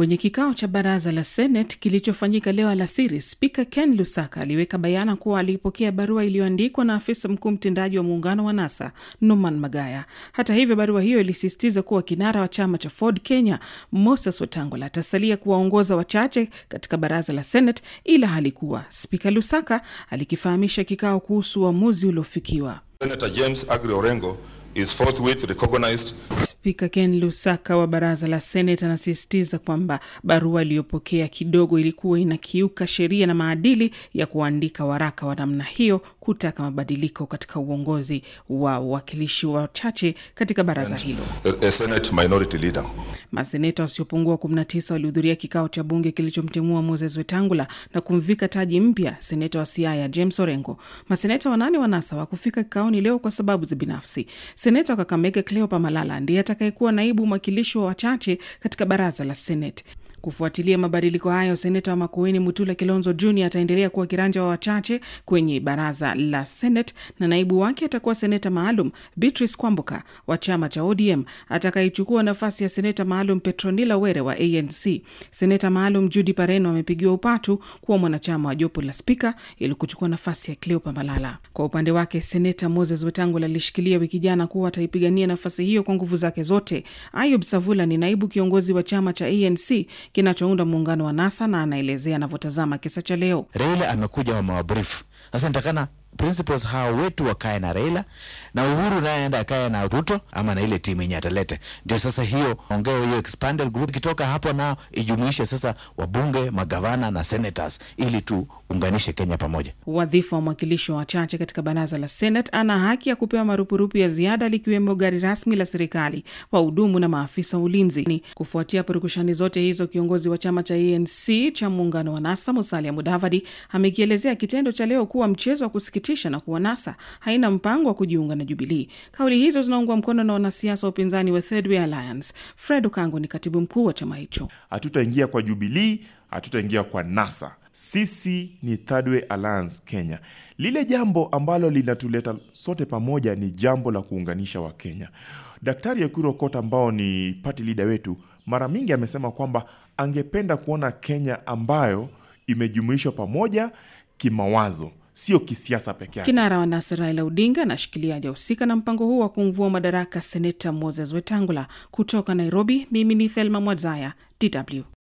Kwenye kikao cha baraza la Seneti kilichofanyika leo alasiri, spika Ken Lusaka aliweka bayana kuwa alipokea barua iliyoandikwa na afisa mkuu mtendaji wa muungano wa NASA Norman Magaya. Hata hivyo, barua hiyo ilisisitiza kuwa kinara wa chama cha Ford Kenya Moses Wetang'ula atasalia kuwaongoza wachache katika baraza la Seneti, ila halikuwa. Spika Lusaka alikifahamisha kikao kuhusu uamuzi uliofikiwa. Senator James Agri Orengo is forthwith recognized Spika Ken Lusaka wa baraza la Seneti anasisitiza kwamba barua aliyopokea kidogo ilikuwa inakiuka sheria na maadili ya kuandika waraka wa namna hiyo kutaka mabadiliko katika uongozi wa uwakilishi wachache katika baraza hilo. Maseneta wasiopungua 19 walihudhuria kikao cha bunge kilichomtimua Moses Wetangula na kumvika taji mpya seneta wa Siaya James Orengo. Maseneta wanane wa NASA wakufika kikaoni leo kwa sababu za binafsi. Seneta wa Kakamega Cleopa Malala ndiye atakayekuwa naibu mwakilishi wa wachache katika baraza la Seneti. Kufuatilia mabadiliko hayo, seneta wa Makueni Mutula Kilonzo Jr ataendelea kuwa kiranja wa wachache kwenye baraza la Senate na naibu wake atakuwa seneta maalum Beatrice Kwamboka wa chama cha ODM atakayechukua nafasi ya seneta maalum Petronila Were wa ANC. Seneta maalum Judy Pareno amepigiwa upatu kuwa mwanachama wa jopo la spika ili kuchukua nafasi ya Cleopa Malala. Kwa upande wake, seneta Moses Wetangula alishikilia wiki jana kuwa ataipigania nafasi hiyo kwa nguvu zake zote. Ayub Savula ni naibu kiongozi wa chama cha ANC kinachounda muungano wa NASA na anaelezea anavyotazama kisa cha leo. Raila amekuja wa sasa nitakana principles hao wetu wakae na Raila na Uhuru naye aende akae na Ruto ama na ile timu yenye atalete. Ndio sasa hiyo ongeo hiyo expanded group kitoka hapo, nao ijumuishe sasa wabunge, magavana na senators, ili tuunganishe Kenya pamoja. Wadhifa wa mwakilishi wa wachache katika baraza la Senate ana haki ya kupewa marupurupu ya ziada, likiwemo gari rasmi la serikali, wahudumu na maafisa wa ulinzi. Kufuatia purukushani zote hizo, kiongozi wa chama cha ANC cha muungano wa NASA Musalia Mudavadi amekielezea kitendo cha leo kuwa mchezo wa kusikitisha kusikitisha na kuwa NASA haina mpango wa kujiunga na Jubilii. Kauli hizo zinaungwa mkono na wanasiasa wa upinzani wa Third Way Alliance. Fred ukango ni katibu mkuu wa chama hicho. Hatutaingia kwa Jubilii, hatutaingia kwa NASA. Sisi ni Third Way Alliance Kenya. Lile jambo ambalo linatuleta sote pamoja ni jambo la kuunganisha Wakenya. Daktari Ekuru ambao ni pati lida wetu, mara mingi amesema kwamba angependa kuona Kenya ambayo imejumuishwa pamoja kimawazo sio kisiasa peke yake. Kinara wa NASA Raila Odinga anashikilia ajahusika na mpango huu wa kumvua madaraka seneta Moses Wetangula. Kutoka Nairobi, mimi ni Thelma mwazaya DW.